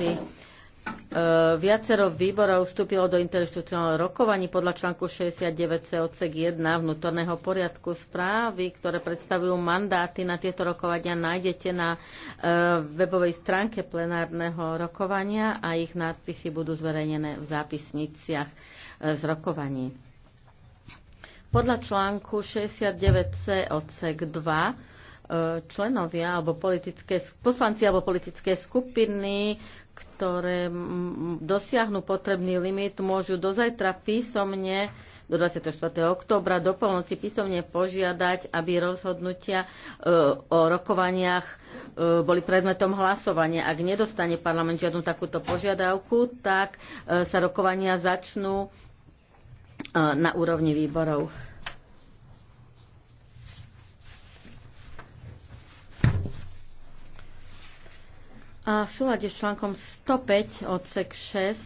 veci. E, viacero výborov vstúpilo do interinstitucionálneho rokovaní podľa článku 69 odsek 1 vnútorného poriadku správy, ktoré predstavujú mandáty na tieto rokovania. Nájdete na e, webovej stránke plenárneho rokovania a ich nadpisy budú zverejnené v zápisniciach e, z rokovaní. Podľa článku 69c odsek 2 členovia alebo politické, poslanci alebo politické skupiny, ktoré dosiahnu potrebný limit, môžu dozajtra písomne do 24. oktobra do polnoci písomne požiadať, aby rozhodnutia e, o rokovaniach e, boli predmetom hlasovania. Ak nedostane parlament žiadnu takúto požiadavku, tak e, sa rokovania začnú na úrovni výborov. A v súlade s článkom 105 odsek 6